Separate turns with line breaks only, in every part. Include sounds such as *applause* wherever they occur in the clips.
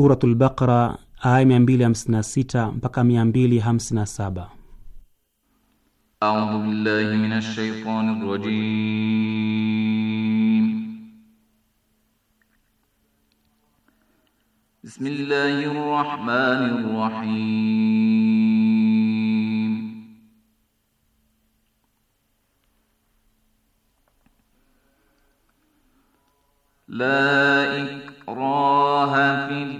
Suratul Baqara aya 256 mpaka saba.
A'udhu billahi minash shaitani rajim. Bismillahir rahmanir rahim. La ikraha fil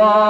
الله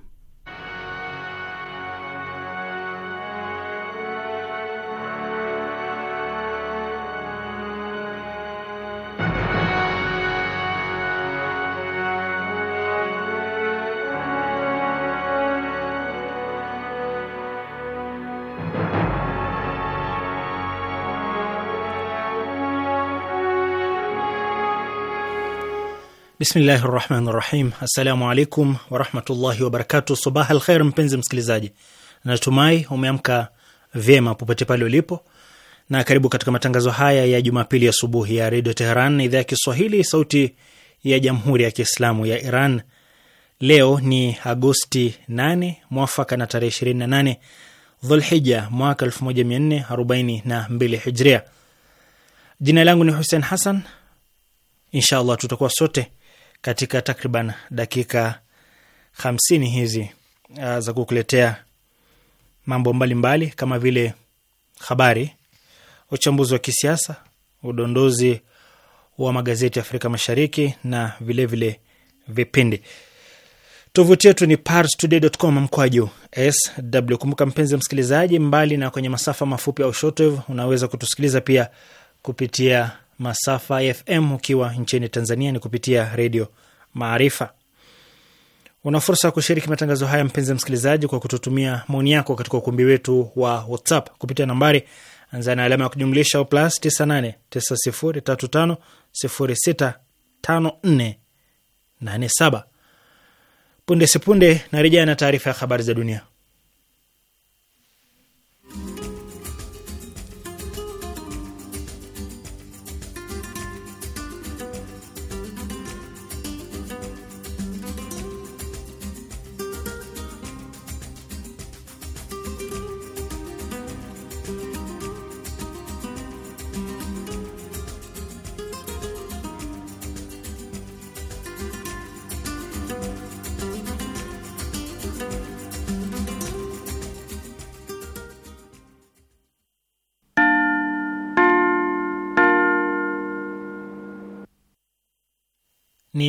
Bismillahi rahmani rahim. Assalamu alaikum warahmatullahi wabarakatu. Sabah alkhair, mpenzi msikilizaji, natumai umeamka vyema popote pale ulipo, na karibu katika matangazo haya ya Jumapili asubuhi ya, ya Redio Teheran, idhaa ya Kiswahili, sauti ya Jamhuri ya Kiislamu ya Iran. Leo ni Agosti 8 mwafaka na tarehe 28 Dhulhija mwaka 1442 Hijria. Jina langu ni Hussein Hassan. Inshallah tutakuwa sote katika takriban dakika hamsini hizi uh, za kukuletea mambo mbalimbali mbali, kama vile habari, uchambuzi wa kisiasa, udondozi wa magazeti ya Afrika Mashariki na vilevile vipindi. Tovuti yetu ni parstoday.com mkwaju sw. Kumbuka mpenzi msikilizaji, mbali na kwenye masafa mafupi au shortwave, unaweza kutusikiliza pia kupitia masafa FM. Ukiwa nchini Tanzania ni kupitia Redio Maarifa. Una fursa ya kushiriki matangazo haya, mpenzi msikilizaji, kwa kututumia maoni yako katika ukumbi wetu wa WhatsApp kupitia nambari anza na alama ya kujumlisha au plus 989035065487. Punde sipunde na rejea na taarifa ya habari za dunia.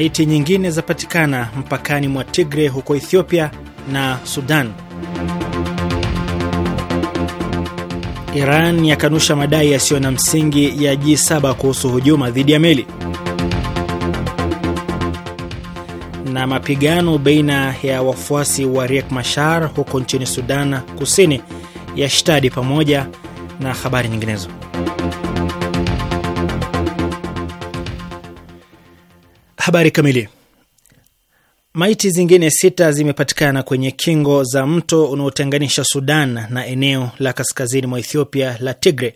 Maiti nyingine zapatikana mpakani mwa Tigre huko Ethiopia na Sudan. Iran yakanusha madai yasiyo na msingi ya G7 kuhusu hujuma dhidi ya meli. Na mapigano baina ya wafuasi wa Riek Machar huko nchini Sudan Kusini yashtadi, pamoja na habari nyinginezo. Habari kamili. Maiti zingine sita zimepatikana kwenye kingo za mto unaotenganisha Sudan na eneo la kaskazini mwa Ethiopia la Tigre.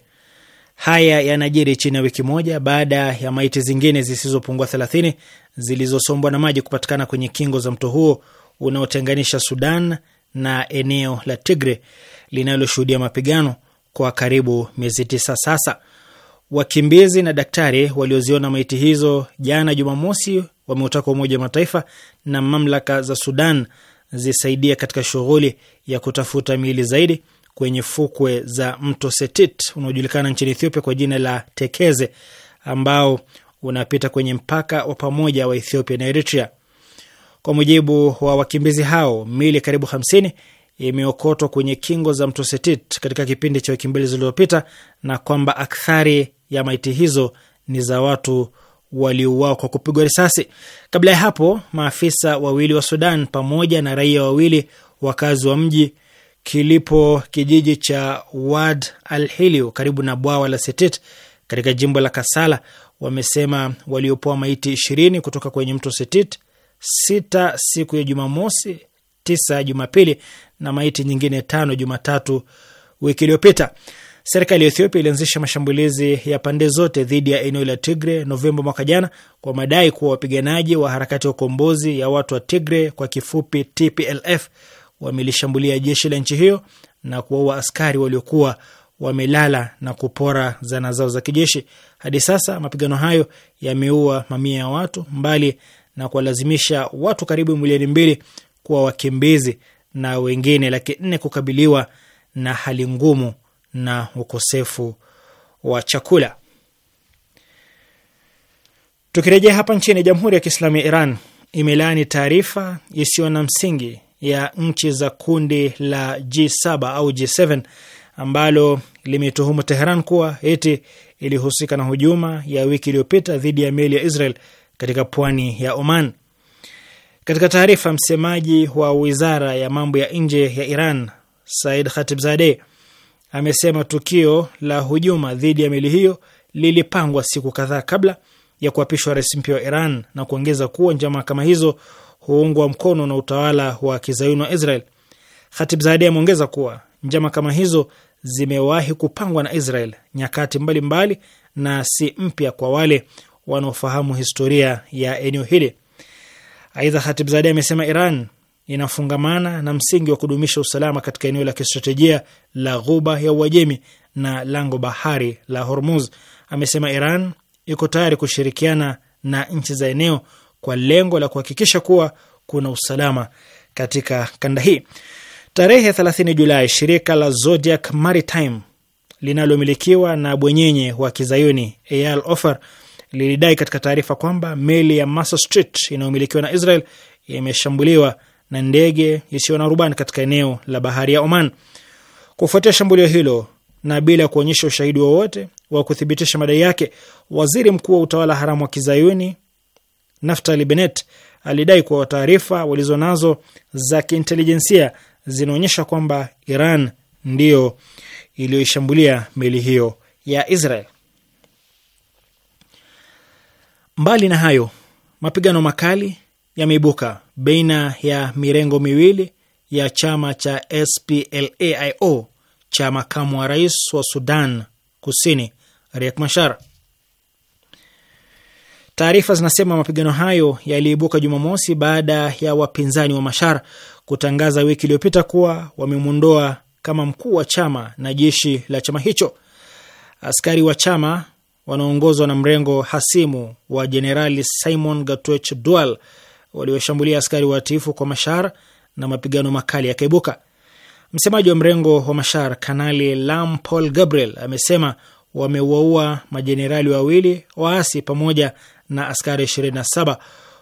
Haya yanajiri chini ya wiki moja baada ya maiti zingine zisizopungua 30 zilizosombwa na maji kupatikana kwenye kingo za mto huo unaotenganisha Sudan na eneo la Tigre linaloshuhudia mapigano kwa karibu miezi tisa sasa. Wakimbizi na daktari walioziona maiti hizo jana Jumamosi wameutaka Umoja wa Mataifa na mamlaka za Sudan zisaidia katika shughuli ya kutafuta miili zaidi kwenye fukwe za mto Setit unaojulikana nchini Ethiopia kwa jina la Tekeze ambao unapita kwenye mpaka wa pamoja wa Ethiopia na Eritrea. Kwa mujibu wa wakimbizi hao, miili karibu hamsini imeokotwa kwenye kingo za mto Setit katika kipindi cha wiki mbili zilizopita, na kwamba akthari ya maiti hizo ni za watu waliouawa kwa kupigwa risasi. Kabla ya hapo, maafisa wawili wa Sudan pamoja na raia wawili wakazi wa mji kilipo kijiji cha Wad al Hiliu karibu na bwawa la Setit katika jimbo la Kasala wamesema waliopoa maiti ishirini kutoka kwenye mto Setit, sita siku ya Jumamosi, tisa Jumapili na maiti nyingine tano Jumatatu wiki iliyopita. Serikali ya Ethiopia ilianzisha mashambulizi ya pande zote dhidi ya eneo la Tigre Novemba mwaka jana kwa madai kuwa wapiganaji wa harakati ya ukombozi ya watu wa Tigre kwa kifupi TPLF wamelishambulia jeshi la nchi hiyo na kuwaua askari waliokuwa wamelala na kupora zana zao za kijeshi. Hadi sasa mapigano hayo yameua mamia ya watu, mbali na kuwalazimisha watu karibu milioni mbili kuwa wakimbizi na wengine laki nne kukabiliwa na hali ngumu na ukosefu wa chakula. Tukirejea hapa nchini, Jamhuri ya Kiislamu ya Iran imelaani taarifa isiyo na msingi ya nchi za kundi la G7 au G7 ambalo limetuhumu Teheran kuwa eti ilihusika na hujuma ya wiki iliyopita dhidi ya meli ya Israel katika pwani ya Oman. Katika taarifa, msemaji wa wizara ya mambo ya nje ya Iran Said zade amesema tukio la hujuma dhidi ya meli hiyo lilipangwa siku kadhaa kabla ya kuapishwa rais mpya wa Iran na kuongeza kuwa njama kama hizo huungwa mkono na utawala wa kizayuni wa Israel. zade ameongeza kuwa njama kama hizo zimewahi kupangwa na Israel nyakati mbalimbali mbali, na si mpya kwa wale wanaofahamu historia ya eneo hili. Aidha, Khatibzadeh amesema Iran inafungamana na msingi wa kudumisha usalama katika eneo la kistratejia la Ghuba ya Uajemi na lango bahari la Hormuz. Amesema Iran iko tayari kushirikiana na nchi za eneo kwa lengo la kuhakikisha kuwa kuna usalama katika kanda hii. Tarehe 30 Julai, shirika la Zodiac Maritime linalomilikiwa na bwenyenye wa kizayuni Eyal Ofer lilidai katika taarifa kwamba meli ya Massastreit inayomilikiwa na Israel imeshambuliwa na ndege isiyo na rubani katika eneo la bahari ya Oman. Kufuatia shambulio hilo na bila kuonyesha ushahidi wowote wa, wa kuthibitisha madai yake, waziri mkuu wa utawala haramu wa kizayuni Naftali Bennett alidai kuwa taarifa walizonazo za kiintelijensia zinaonyesha kwamba Iran ndiyo iliyoishambulia meli hiyo ya Israel. Mbali na hayo, mapigano makali yameibuka baina ya mirengo miwili ya chama cha SPLAIO cha makamu wa rais wa Sudan Kusini Riek Machar. Taarifa zinasema mapigano hayo yaliibuka Jumamosi baada ya wapinzani wa Machar kutangaza wiki iliyopita kuwa wamemwondoa kama mkuu wa chama na jeshi la chama hicho. Askari wa chama wanaongozwa na mrengo hasimu wa Jenerali Simon Gatwech Dual walioshambulia askari watiifu kwa Mashar na mapigano makali yakaibuka. Msemaji wa mrengo wa Mashar, Kanali Lam Paul Gabriel, amesema wamewaua majenerali wawili waasi pamoja na askari 27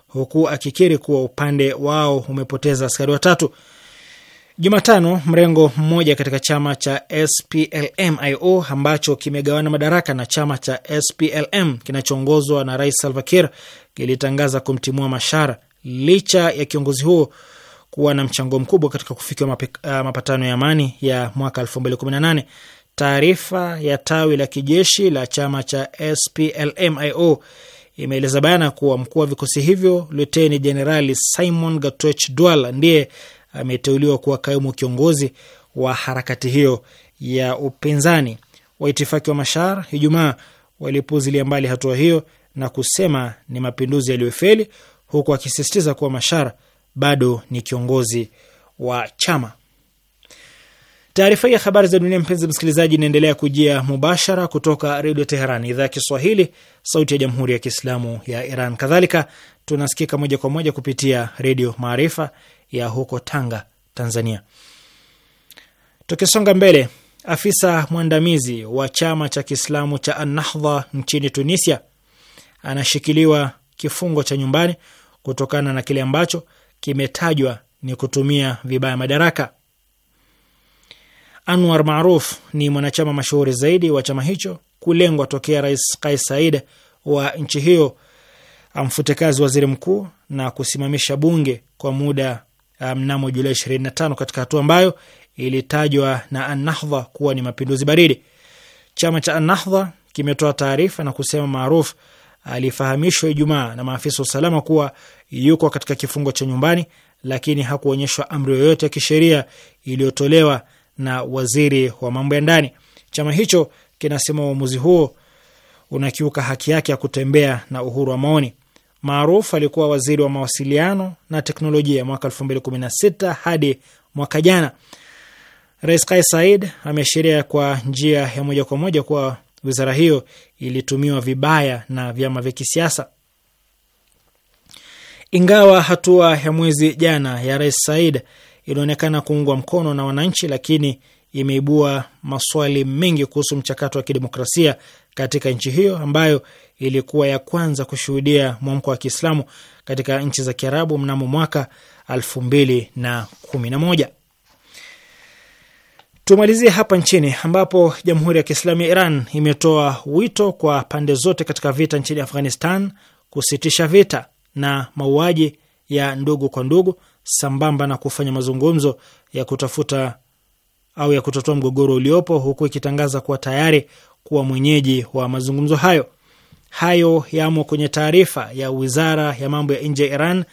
huku akikiri kuwa upande wao umepoteza askari watatu. Jumatano, mrengo mmoja katika chama cha SPLMIO ambacho kimegawana madaraka na chama cha SPLM kinachoongozwa na Rais Salva Kiir kilitangaza kumtimua mashara licha ya kiongozi huo kuwa na mchango mkubwa katika kufikiwa uh, mapatano ya amani ya mwaka 2018. Taarifa ya tawi la kijeshi la chama cha SPLMIO imeeleza bayana kuwa mkuu wa vikosi hivyo Luteni Jenerali Simon Gatwech Dwal ndiye ameteuliwa kuwa kaimu kiongozi wa harakati hiyo ya upinzani. Waitifaki wa Mashar Ijumaa walipuzilia mbali hatua hiyo na kusema ni mapinduzi yaliyofeli, huku akisisitiza kuwa Mashar bado ni kiongozi wa chama. Taarifa hii ya habari za dunia, mpenzi msikilizaji, inaendelea kujia mubashara kutoka Redio Teheran, idhaa ya Kiswahili, sauti ya jamhuri ya kiislamu ya Iran. Kadhalika tunasikika moja kwa moja kupitia Redio Maarifa ya huko Tanga, Tanzania. Tukisonga mbele, afisa mwandamizi wa chama cha Kiislamu cha Annahdha nchini Tunisia anashikiliwa kifungo cha nyumbani kutokana na kile ambacho kimetajwa ni kutumia vibaya madaraka. Anwar Maruf ni mwanachama mashuhuri zaidi wa chama hicho kulengwa tokea Rais Kais Saied wa nchi hiyo amfute kazi waziri mkuu na kusimamisha bunge kwa muda Uh, mnamo Julai 25 katika hatua ambayo ilitajwa na Anahdha kuwa ni mapinduzi baridi. Chama cha Anahdha kimetoa taarifa na kusema Maaruf alifahamishwa Ijumaa na maafisa wa usalama kuwa yuko katika kifungo cha nyumbani, lakini hakuonyeshwa amri yoyote ya kisheria iliyotolewa na waziri wa mambo ya ndani. Chama hicho kinasema uamuzi huo unakiuka haki yake ya kutembea na uhuru wa maoni maaruf alikuwa waziri wa mawasiliano na teknolojia mwaka 2016 hadi mwaka jana. Rais Kais Said ameashiria kwa njia ya moja kwa moja kuwa wizara hiyo ilitumiwa vibaya na vyama vya kisiasa. Ingawa hatua ya mwezi jana ya Rais Said inaonekana kuungwa mkono na wananchi, lakini imeibua maswali mengi kuhusu mchakato wa kidemokrasia katika nchi hiyo ambayo ilikuwa ya kwanza kushuhudia mwamko wa Kiislamu katika nchi za Kiarabu mnamo mwaka elfu Tumalizie hapa nchini ambapo Jamhuri ya Kiislamu ya Iran imetoa wito kwa pande zote katika vita nchini Afghanistan kusitisha vita na mauaji ya ndugu kwa ndugu sambamba na kufanya mazungumzo ya kutafuta au ya kutatua mgogoro uliopo huku ikitangaza kuwa tayari kuwa mwenyeji wa mazungumzo hayo. Hayo yamo kwenye taarifa ya wizara ya mambo ya nje ya Iran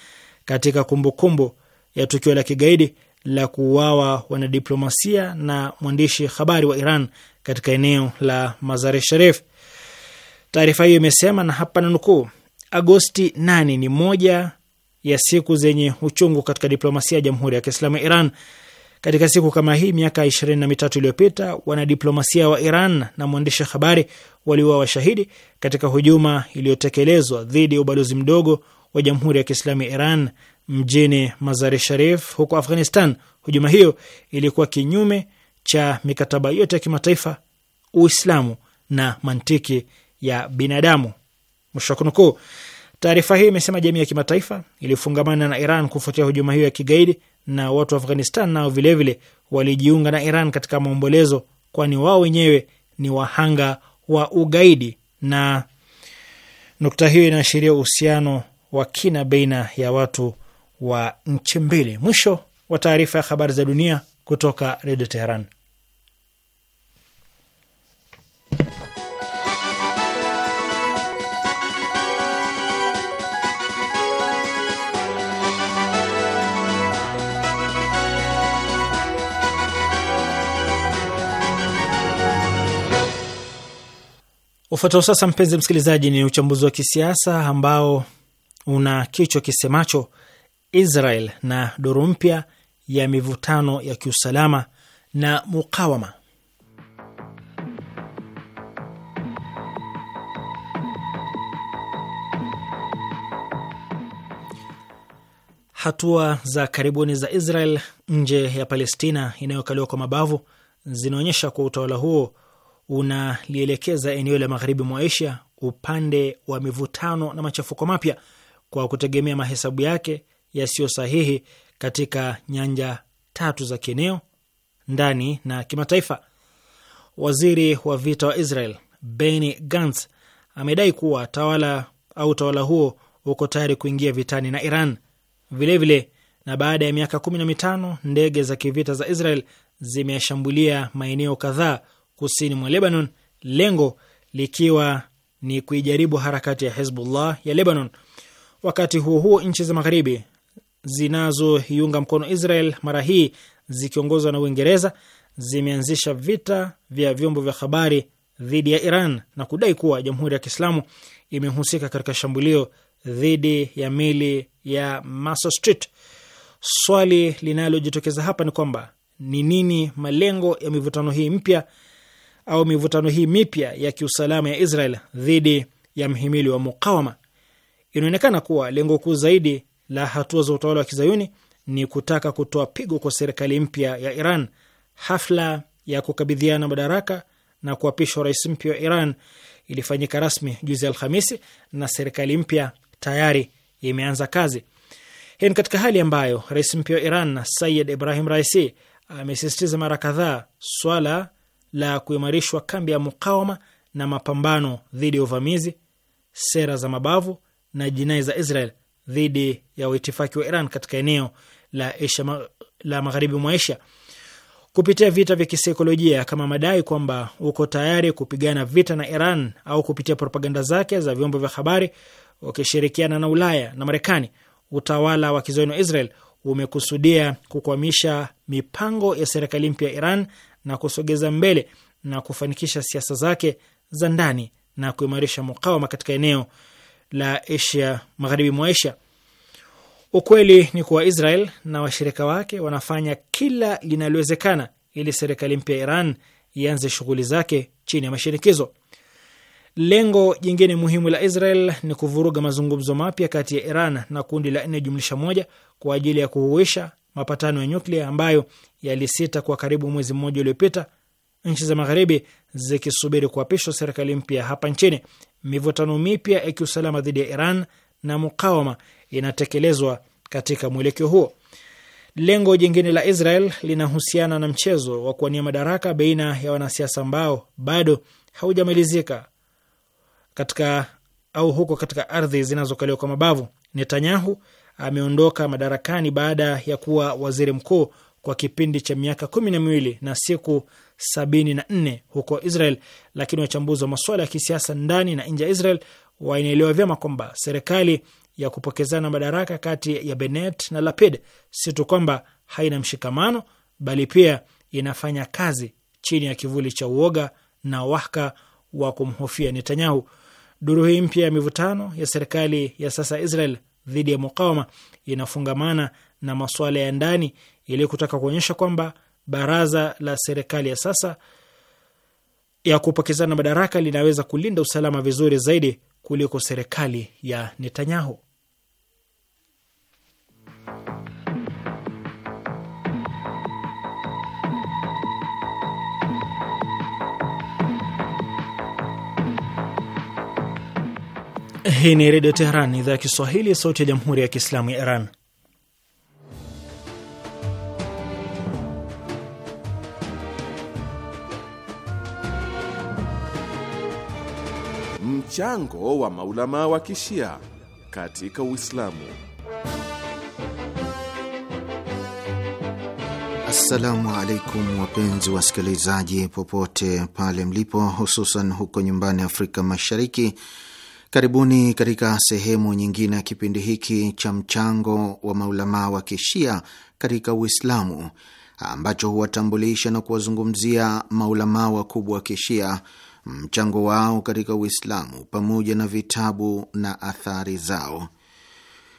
katika kumbukumbu kumbu ya tukio la kigaidi la kuuawa wanadiplomasia na mwandishi habari wa Iran katika eneo la Mazare Sharif. Taarifa hiyo imesema, na hapa nanukuu, Agosti 8 ni moja ya siku zenye uchungu katika diplomasia ya Jamhuri ya Kiislamu ya Iran. Katika siku kama hii miaka ishirini na mitatu iliyopita wanadiplomasia wa Iran na mwandishi habari waliuawa washahidi katika hujuma iliyotekelezwa dhidi ya ubalozi mdogo wa Jamhuri ya Kiislamu ya Iran mjini Mazari Sharif huko Afghanistan. Hujuma hiyo ilikuwa kinyume cha mikataba yote ya kimataifa, Uislamu na mantiki ya binadamu. Mwisho wa kunukuu. Taarifa hiyo imesema jamii ya kimataifa ilifungamana na Iran kufuatia hujuma hiyo ya kigaidi, na watu wa Afghanistan nao vilevile walijiunga na Iran katika maombolezo, kwani wao wenyewe ni wahanga wa ugaidi. Na nukta hiyo inaashiria uhusiano wa kina baina ya watu wa nchi mbili. Mwisho wa taarifa ya habari za dunia kutoka Redio Teheran. Ufuatao sasa, mpenzi msikilizaji, ni uchambuzi wa kisiasa ambao una kichwa kisemacho Israel na duru mpya ya mivutano ya kiusalama na mukawama. Hatua za karibuni za Israel nje ya Palestina inayokaliwa kwa mabavu zinaonyesha kwa utawala huo unalielekeza eneo la magharibi mwa Asia upande wa mivutano na machafuko mapya kwa kutegemea mahesabu yake yasiyo sahihi katika nyanja tatu za kieneo, ndani na kimataifa. Waziri wa vita wa Israel Benny Gantz amedai kuwa tawala au utawala huo uko tayari kuingia vitani na Iran vilevile vile, na baada ya miaka kumi na mitano ndege za kivita za Israel zimeshambulia maeneo kadhaa kusini mwa Lebanon, lengo likiwa ni kuijaribu harakati ya Hezbollah ya Lebanon. Wakati huo huo, nchi za magharibi zinazoiunga mkono Israel, mara hii zikiongozwa na Uingereza, zimeanzisha vita vya vyombo vya habari dhidi ya Iran na kudai kuwa Jamhuri ya Kiislamu imehusika katika shambulio dhidi ya meli ya Massa Street. Swali linalojitokeza hapa ni kwamba ni nini malengo ya mivutano hii mpya au mivutano hii mipya ya kiusalama ya Israel dhidi ya mhimili wa mukawama, inaonekana kuwa lengo kuu zaidi la hatua za utawala wa kizayuni ni kutaka kutoa pigo kwa serikali mpya ya Iran. Hafla ya kukabidhiana madaraka na kuapishwa rais mpya wa Iran ilifanyika rasmi juzi Alhamisi, na serikali mpya tayari imeanza kazi. Hii ni katika hali ambayo rais mpya wa Iran Sayid Ibrahim Raisi amesisitiza mara kadhaa swala la kuimarishwa kambi ya mukawama na mapambano dhidi ya uvamizi, sera za mabavu na jinai za Israel dhidi ya waitifaki wa Iran katika eneo la Asia, la magharibi mwa Asia kupitia vita vya kisaikolojia kama madai kwamba uko tayari kupigana vita na Iran au kupitia propaganda zake za vyombo vya habari wakishirikiana na Ulaya na Marekani, utawala wa kizayuni wa Israel umekusudia kukwamisha mipango ya serikali mpya ya Iran na kusogeza mbele na kufanikisha siasa zake za ndani na kuimarisha mukawama katika eneo la Asia magharibi mwa Asia. Ukweli ni kuwa Israel na washirika wake wanafanya kila linalowezekana ili serikali mpya ya Iran ianze shughuli zake chini ya mashinikizo. Lengo jingine muhimu la Israel ni kuvuruga mazungumzo mapya kati ya Iran na kundi la nne jumlisha moja kwa ajili ya kuhuisha mapatano ya nyuklia ambayo yalisita kwa karibu mwezi mmoja uliopita, nchi za magharibi zikisubiri kuapishwa serikali mpya hapa nchini, mivutano mipya ya kiusalama dhidi ya Iran na mukawama inatekelezwa katika mwelekeo huo. Lengo jingine la Israel linahusiana na mchezo wa kuwania madaraka baina ya wanasiasa ambao bado haujamalizika katika au huko katika ardhi zinazokaliwa kwa mabavu. Netanyahu ameondoka madarakani baada ya kuwa waziri mkuu kwa kipindi cha miaka kumi na miwili na siku sabini na nne huko Israel, lakini wachambuzi wa masuala ya kisiasa ndani na nje ya Israel wanaelewa vyema kwamba serikali ya kupokezana madaraka kati ya Bennett na Lapid si tu kwamba haina mshikamano, bali pia inafanya kazi chini ya kivuli cha uoga na wahka wa kumhofia Netanyahu. Duru hii mpya ya mivutano ya serikali ya sasa Israel dhidi ya mukawama inafungamana na masuala ya ndani yaliyokutaka kuonyesha kwamba baraza la serikali ya sasa ya kupokezana madaraka linaweza kulinda usalama vizuri zaidi kuliko serikali ya Netanyahu. Hii ni Redio Teheran, idhaa ya Kiswahili, sauti ya Jamhuri ya Kiislamu ya Iran.
Mchango wa maulama wa kishia katika Uislamu.
Assalamu alaikum wapenzi wasikilizaji, popote pale mlipo, hususan huko nyumbani Afrika Mashariki Karibuni katika sehemu nyingine ya kipindi hiki cha mchango wa maulamaa wa kishia katika Uislamu ambacho huwatambulisha na kuwazungumzia maulamaa wakubwa wa kishia, mchango wao katika Uislamu pamoja na vitabu na athari zao.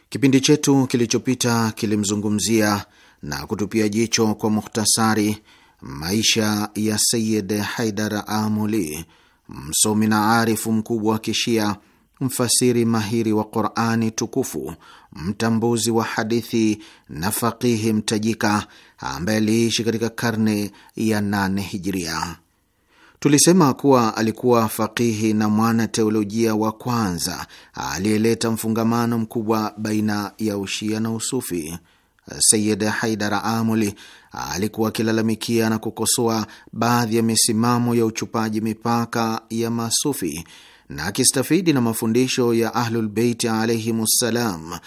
Kipindi chetu kilichopita kilimzungumzia na kutupia jicho kwa mukhtasari maisha ya Sayid Haidar Amuli, msomi na arifu mkubwa wa kishia mfasiri mahiri wa Qurani tukufu, mtambuzi wa hadithi na faqihi mtajika ambaye aliishi katika karne ya nane hijiria. Tulisema kuwa alikuwa faqihi na mwana teolojia wa kwanza aliyeleta mfungamano mkubwa baina ya ushia na usufi. Sayid haidar Amuli alikuwa akilalamikia na kukosoa baadhi ya misimamo ya uchupaji mipaka ya masufi na akistafidi na mafundisho ya Ahlulbeiti alaihimussalam,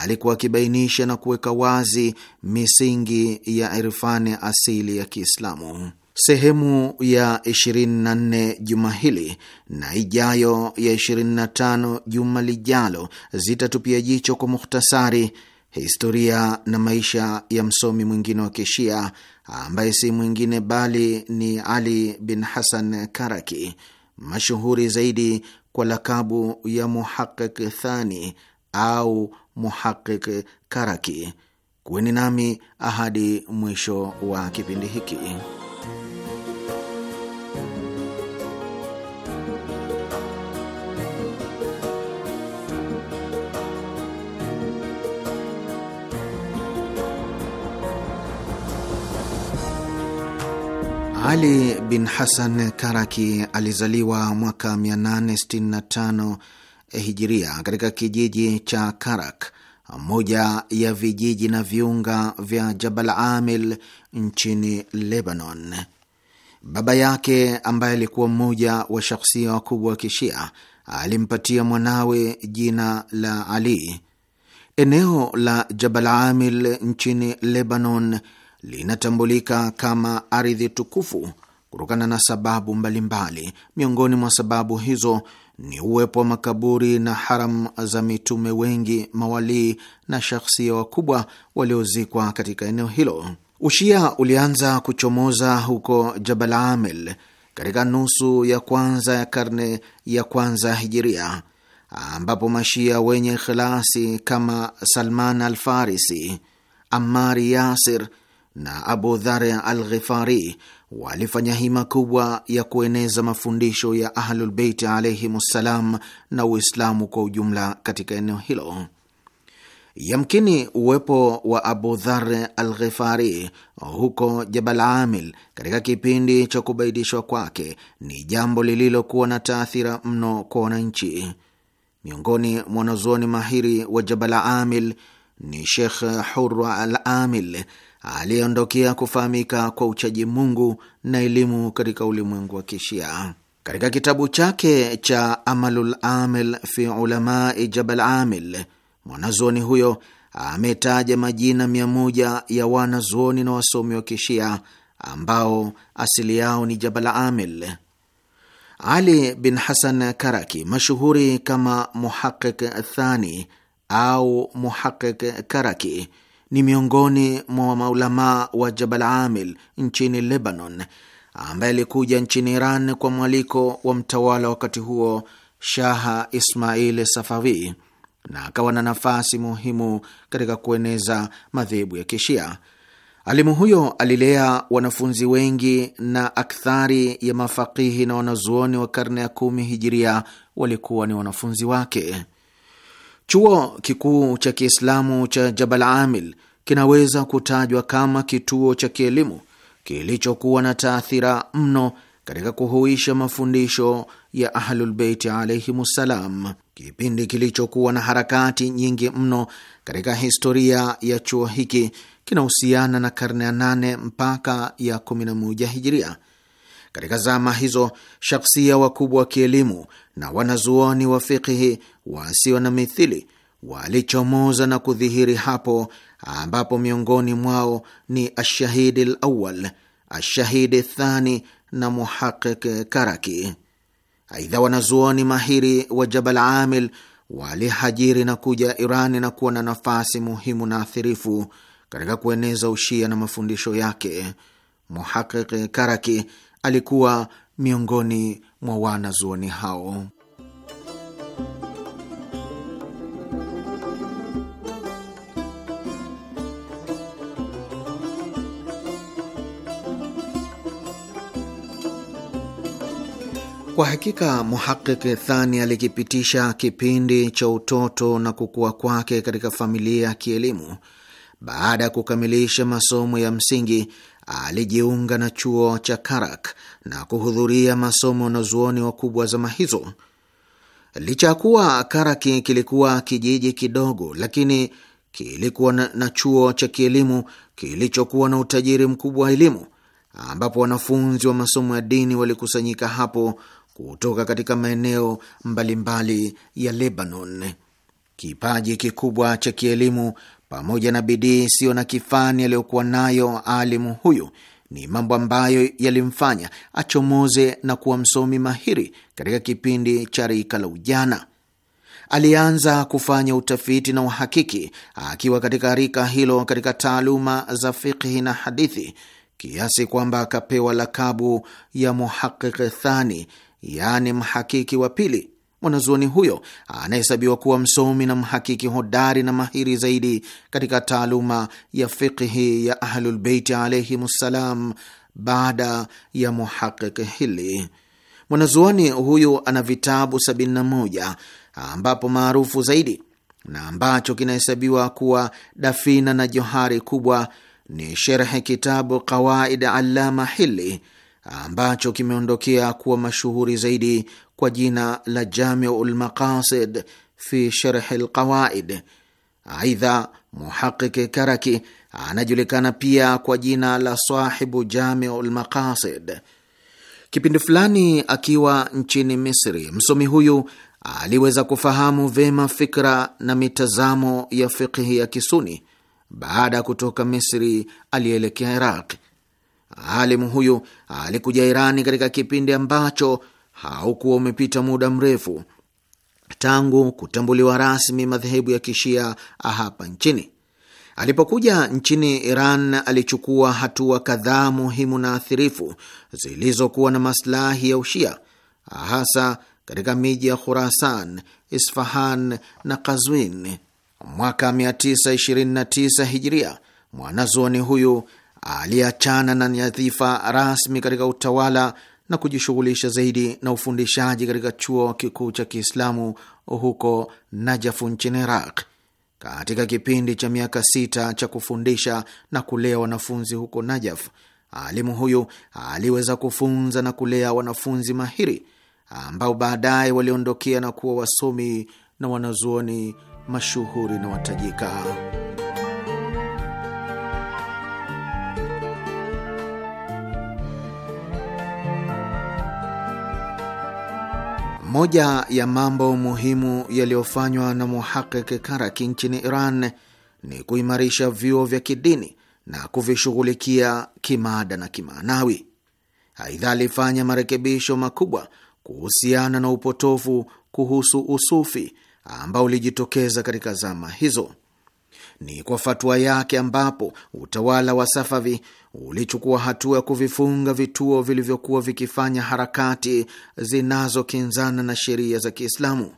alikuwa akibainisha na kuweka wazi misingi ya irfani asili ya Kiislamu. Sehemu ya 24 juma hili na ijayo ya 25 juma lijalo zitatupia jicho kwa mukhtasari historia na maisha ya msomi mwingine wa kishia ambaye si mwingine bali ni Ali bin Hasan Karaki, mashuhuri zaidi kwa lakabu ya Muhaqiq Thani au Muhaqiq Karaki. Kuweni nami ahadi mwisho wa kipindi hiki. Ali bin Hasan Karaki alizaliwa mwaka 865 hijiria katika kijiji cha Karak, moja ya vijiji na viunga vya Jabal Amil nchini Lebanon. Baba yake ambaye alikuwa mmoja wa shakhsia wakubwa wa Kishia alimpatia mwanawe jina la Ali. Eneo la Jabal Amil nchini Lebanon linatambulika kama ardhi tukufu kutokana na sababu mbalimbali mbali. Miongoni mwa sababu hizo ni uwepo wa makaburi na haram za mitume wengi, mawalii na shakhsia wakubwa waliozikwa katika eneo hilo. Ushia ulianza kuchomoza huko Jabal Amel katika nusu ya kwanza ya karne ya kwanza Hijiria, ambapo mashia wenye khilasi kama Salman Alfarisi, Amari Yasir na Abu Dhar al Ghifari walifanya hima kubwa ya kueneza mafundisho ya Ahlulbeiti alaihimussalam na Uislamu kwa ujumla katika eneo hilo. Yamkini uwepo wa Abu Dhar al Ghifari huko Jabal Amil katika kipindi cha kubaidishwa kwake ni jambo lililokuwa na taathira mno kwa wananchi. Miongoni mwa wanazuoni mahiri wa Jabal Amil ni Shekh Hurra al Amil aliyeondokea kufahamika kwa uchaji Mungu na elimu katika ulimwengu wa Kishia. Katika kitabu chake cha Amalul Amil fi Ulamai Jabal Amil, mwanazuoni huyo ametaja majina mia moja ya wanazuoni na wasomi wa Kishia ambao asili yao ni Jabal Amil. Ali bin Hasan Karaki, mashuhuri kama Muhaqiq Thani au Muhaqiq Karaki, ni miongoni mwa maulamaa wa Jabal Amil nchini Lebanon, ambaye alikuja nchini Iran kwa mwaliko wa mtawala wakati huo Shaha Ismail Safawi na akawa na nafasi muhimu katika kueneza madhehebu ya Kishia. Alimu huyo alilea wanafunzi wengi na akthari ya mafakihi na wanazuoni wa karne ya kumi hijiria walikuwa ni wanafunzi wake. Chuo kikuu cha Kiislamu cha Jabal Amil kinaweza kutajwa kama kituo cha kielimu kilichokuwa na taathira mno katika kuhuisha mafundisho ya Ahlulbeiti ssalam. kipindi kilichokuwa na harakati nyingi mno katika historia ya chuo hiki kinahusiana na karne ya 8 mpaka ya 11 hijiria katika zama hizo shakhsia wakubwa wa kielimu na wanazuoni wa fikihi wasio na mithili walichomoza na kudhihiri hapo ambapo miongoni mwao ni Ashahidi Lawal, Ashahidi Thani na Muhaqiq Karaki. Aidha, wanazuoni mahiri wa Jabal Amil walihajiri na kuja Irani na kuwa na nafasi muhimu na athirifu katika kueneza ushia na mafundisho yake. Muhaqiq Karaki alikuwa miongoni mwa wanazuoni hao. Kwa hakika Muhakiki Thani alikipitisha kipindi cha utoto na kukua kwake katika familia ya kielimu. Baada ya kukamilisha masomo ya msingi, alijiunga na chuo cha Karak na kuhudhuria masomo na zuoni wakubwa zama hizo. Licha ya kuwa Karak kilikuwa kijiji kidogo, lakini kilikuwa na, na chuo cha kielimu kilichokuwa na utajiri mkubwa wa elimu, ambapo wanafunzi wa masomo ya dini walikusanyika hapo kutoka katika maeneo mbalimbali ya Lebanon. Kipaji kikubwa cha kielimu pamoja na bidii isiyo na kifani aliyokuwa nayo alimu huyu ni mambo ambayo yalimfanya achomoze na kuwa msomi mahiri katika kipindi cha rika la ujana. Alianza kufanya utafiti na uhakiki akiwa katika rika hilo katika taaluma za fiqhi na hadithi, kiasi kwamba akapewa lakabu ya muhaqiqi thani, yaani mhakiki wa pili. Mwanazuoni huyo anahesabiwa kuwa msomi na mhakiki hodari na mahiri zaidi katika taaluma ya fiqhi ya Ahlulbeiti ssalam baada ya Muhaqiq Hili. Mwanazuoni huyu ana vitabu 71 ambapo maarufu zaidi na ambacho kinahesabiwa kuwa dafina na johari kubwa ni sherhe kitabu Qawaid Allama Hili ambacho kimeondokea kuwa mashuhuri zaidi kwa jina la Jamiu lMaqasid fi sherhi lqawaid. Aidha, Muhaqiqi Karaki anajulikana pia kwa jina la sahibu Jamiu lMaqasid. Kipindi fulani akiwa nchini Misri, msomi huyu aliweza kufahamu vema fikra na mitazamo ya fikhi ya Kisuni. Baada ya kutoka Misri, alielekea Iraq. Alimu huyu alikuja Irani katika kipindi ambacho haukuwa umepita muda mrefu tangu kutambuliwa rasmi madhehebu ya kishia hapa nchini. Alipokuja nchini Iran alichukua hatua kadhaa muhimu na athirifu zilizokuwa na maslahi ya Ushia, hasa katika miji ya Khurasan, Isfahan na Kazwin. Mwaka 929 Hijria, mwanazuoni huyu aliachana na nyadhifa rasmi katika utawala na kujishughulisha zaidi na ufundishaji katika chuo kikuu cha Kiislamu huko Najafu nchini Iraq. Katika kipindi cha miaka sita cha kufundisha na kulea wanafunzi huko Najaf, alimu huyu aliweza kufunza na kulea wanafunzi mahiri ambao baadaye waliondokea na kuwa wasomi na wanazuoni mashuhuri na watajika. Moja ya mambo muhimu yaliyofanywa na Muhaqiq Karaki nchini Iran ni kuimarisha vyuo vya kidini na kuvishughulikia kimaada na kimaanawi. Aidha, alifanya marekebisho makubwa kuhusiana na upotofu kuhusu usufi ambao ulijitokeza katika zama hizo. Ni kwa fatua yake ambapo utawala wa Safavi ulichukua hatua ya kuvifunga vituo vilivyokuwa vikifanya harakati zinazokinzana na sheria za Kiislamu.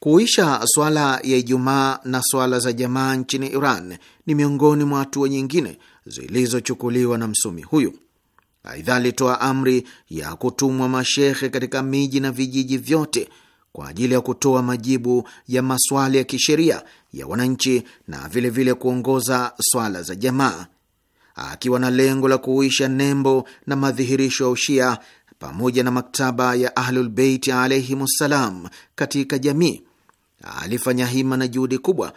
Kuisha swala ya Ijumaa na swala za jamaa nchini Iran ni miongoni mwa hatua nyingine zilizochukuliwa na msomi huyu. Aidha, alitoa amri ya kutumwa mashehe katika miji na vijiji vyote kwa ajili ya kutoa majibu ya maswali ya kisheria ya wananchi na vilevile vile kuongoza swala za jamaa akiwa na lengo la kuuisha nembo na madhihirisho ya Ushia pamoja na maktaba ya Ahlulbeiti alaihimussalam katika jamii. Alifanya hima na juhudi kubwa,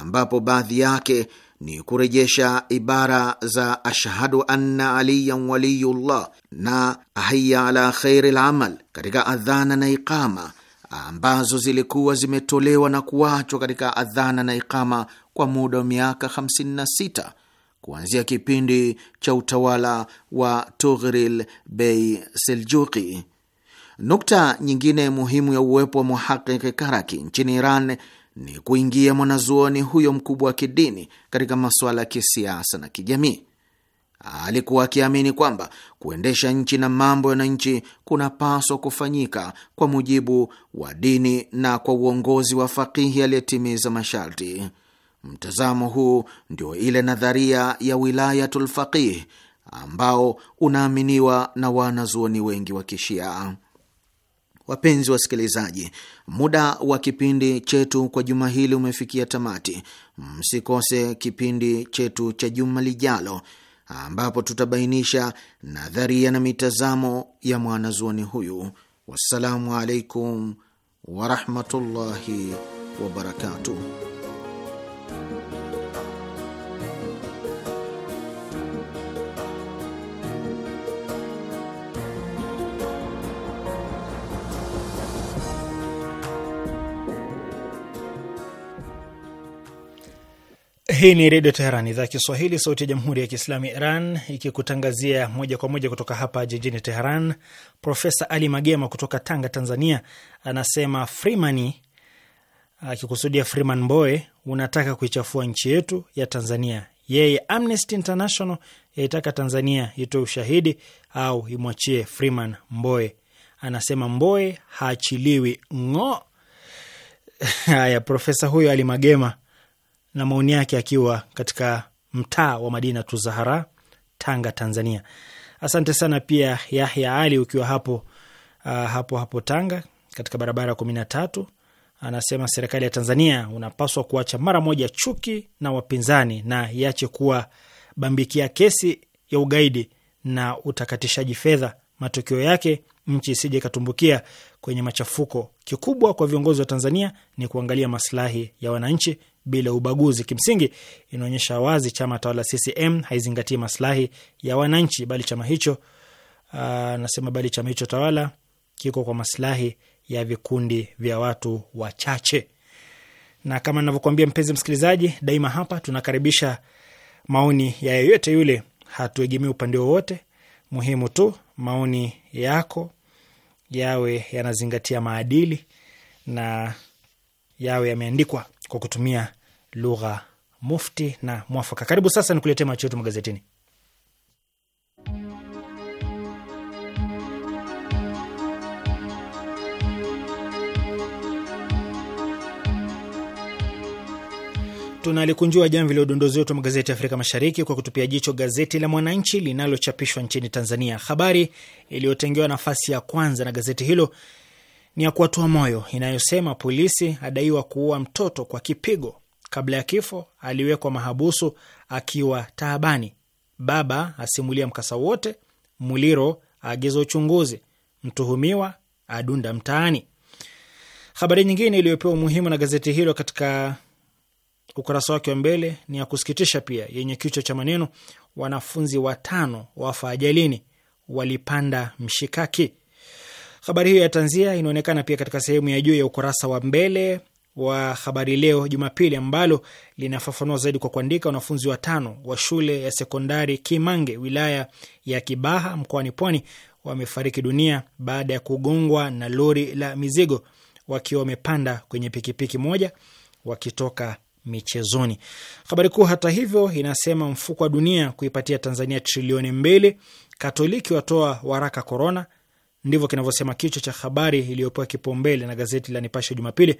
ambapo baadhi yake ni kurejesha ibara za ashhadu anna aliyan waliyullah na haya ala khairi lamal katika adhana na iqama ambazo zilikuwa zimetolewa na kuachwa katika adhana na iqama kwa muda wa miaka 56 kuanzia kipindi cha utawala wa Tughril Bei Seljuki. Nukta nyingine muhimu ya uwepo wa Muhaqiki Karaki nchini Iran ni kuingia mwanazuoni huyo mkubwa wa kidini katika masuala ya kisiasa na kijamii. Alikuwa akiamini kwamba kuendesha nchi na mambo ya wananchi kunapaswa kufanyika kwa mujibu wa dini na kwa uongozi wa fakihi aliyetimiza masharti. Mtazamo huu ndio ile nadharia ya wilayatul faqih ambao unaaminiwa na wanazuoni wengi wa Kishia. Wapenzi wasikilizaji, muda wa kipindi chetu kwa juma hili umefikia tamati. Msikose kipindi chetu cha juma lijalo, ambapo tutabainisha nadharia na mitazamo ya mwanazuoni huyu. Wassalamu alaikum warahmatullahi wabarakatuh.
Hii ni Redio Teheran, idhaa ya Kiswahili, sauti ya Jamhuri ya Kiislamu ya Iran, ikikutangazia moja kwa moja kutoka hapa jijini Teheran. Profesa Ali Magema kutoka Tanga, Tanzania, anasema Freeman, akikusudia Freeman Mbowe, unataka kuichafua nchi yetu ya Tanzania. Yeye Amnesty International yaitaka Tanzania itoe ushahidi au imwachie Freeman Mbowe. Anasema Mbowe haachiliwi ng'o. *laughs* Haya, profesa huyo Ali Magema na maoni yake akiwa katika mtaa wa Madina Tuzahara, Tanga, Tanzania. Asante sana pia Yahya Ali ukiwa hapo uh, hapo hapo Tanga katika barabara kumi na tatu anasema serikali ya Tanzania unapaswa kuacha mara moja chuki na wapinzani na iache kuwa bambikia kesi ya ugaidi na utakatishaji fedha. Matokeo yake nchi isije ikatumbukia kwenye machafuko. Kikubwa kwa viongozi wa Tanzania ni kuangalia maslahi ya wananchi bila ubaguzi. Kimsingi inaonyesha wazi chama tawala CCM haizingatii maslahi ya wananchi, bali chama hicho uh, anasema, bali chama hicho tawala kiko kwa maslahi ya vikundi vya watu wachache. Na kama ninavyokuambia mpenzi msikilizaji, daima hapa tunakaribisha maoni ya yeyote yule, hatuegemei upande wowote. Muhimu tu maoni yako yawe yanazingatia maadili na yawe yameandikwa kwa kutumia lugha mufti na mwafaka. Karibu sasa ni kuletea macho yetu magazetini. Tunalikunjua jamvi la udondozi wetu wa magazeti ya Afrika Mashariki kwa kutupia jicho gazeti la Mwananchi linalochapishwa nchini Tanzania. Habari iliyotengewa nafasi ya kwanza na gazeti hilo ni ya kuwatua moyo inayosema polisi adaiwa kuua mtoto kwa kipigo. Kabla ya kifo aliwekwa mahabusu akiwa taabani. Baba asimulia mkasa wote. Muliro aagiza uchunguzi. Mtuhumiwa adunda mtaani. Habari nyingine iliyopewa umuhimu na gazeti hilo katika ukurasa wake wa mbele ni ya kusikitisha pia, yenye kichwa cha maneno wanafunzi watano wafa ajalini, walipanda mshikaki. Habari hiyo ya tanzia inaonekana pia katika sehemu ya juu ya ukurasa wa mbele wa Habari Leo Jumapili, ambalo linafafanua zaidi kwa kuandika, wanafunzi watano wa shule ya sekondari Kimange wilaya ya Kibaha mkoani Pwani wamefariki dunia baada ya kugongwa na lori la mizigo wakiwa wamepanda kwenye pikipiki moja wakitoka michezoni. Habari kuu hata hivyo inasema mfuko wa dunia kuipatia Tanzania trilioni mbili, Katoliki watoa waraka korona Ndivyo kinavyosema kichwa cha habari iliyopewa kipaumbele na gazeti la Nipashe Jumapili,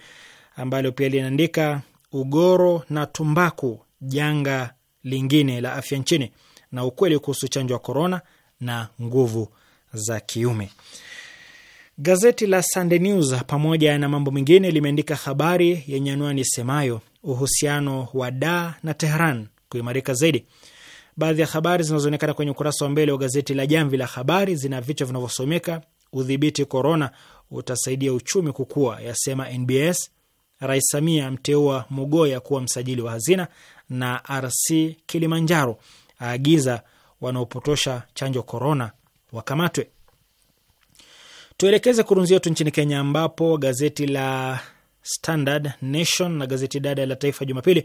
ambalo pia linaandika ugoro na tumbaku, janga lingine la afya nchini, na ukweli kuhusu chanjo ya korona na nguvu za kiume. Gazeti la Sunday News pamoja na mambo mengine limeandika habari yenye anwani semayo uhusiano wa da na Tehran kuimarika zaidi. Baadhi ya habari zinazoonekana kwenye ukurasa wa mbele wa gazeti la Jamvi la Habari zina vichwa vinavyosomeka: udhibiti korona utasaidia uchumi kukua, yasema NBS; Rais Samia amteua mugoya kuwa msajili wa hazina; na RC Kilimanjaro aagiza wanaopotosha chanjo korona wakamatwe. Tuelekeze kurunzi yetu nchini Kenya, ambapo gazeti la Standard, Nation na gazeti dada la Taifa Jumapili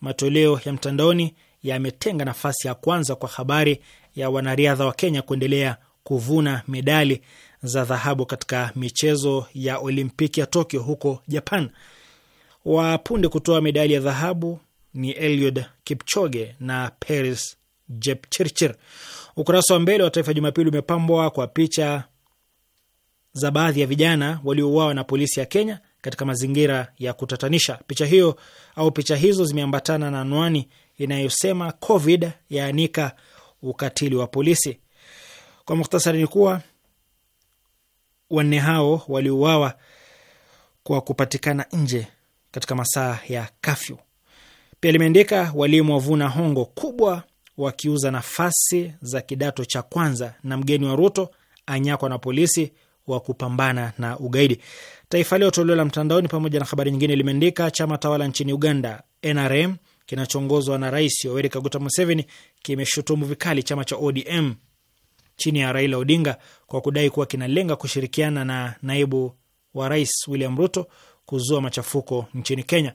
matoleo ya mtandaoni yametenga nafasi ya kwanza kwa habari ya wanariadha wa Kenya kuendelea kuvuna medali za dhahabu katika michezo ya Olimpiki ya Tokyo huko Japan. Wapunde kutoa medali ya dhahabu ni Eliud Kipchoge na Paris Jepchirchir. Ukurasa wa mbele wa Taifa Jumapili umepambwa kwa picha za baadhi ya vijana waliouawa na polisi ya Kenya katika mazingira ya kutatanisha. Picha hiyo au picha hizo zimeambatana na anwani inayosema Covid yaanika ukatili wa polisi. Kwa muhtasari, ni kuwa wanne hao waliuawa kwa kupatikana nje katika masaa ya kafyu. Pia limeandika walimu wavuna hongo kubwa wakiuza nafasi za kidato cha kwanza, na mgeni wa Ruto anyakwa na polisi wa kupambana na ugaidi. Taifa Leo toleo la mtandaoni pamoja na habari nyingine limeandika chama tawala nchini Uganda NRM kinachoongozwa na Rais Yoweri Kaguta Museveni kimeshutumu vikali chama cha ODM chini ya Raila Odinga kwa kudai kuwa kinalenga kushirikiana na naibu wa rais William Ruto kuzua machafuko nchini Kenya.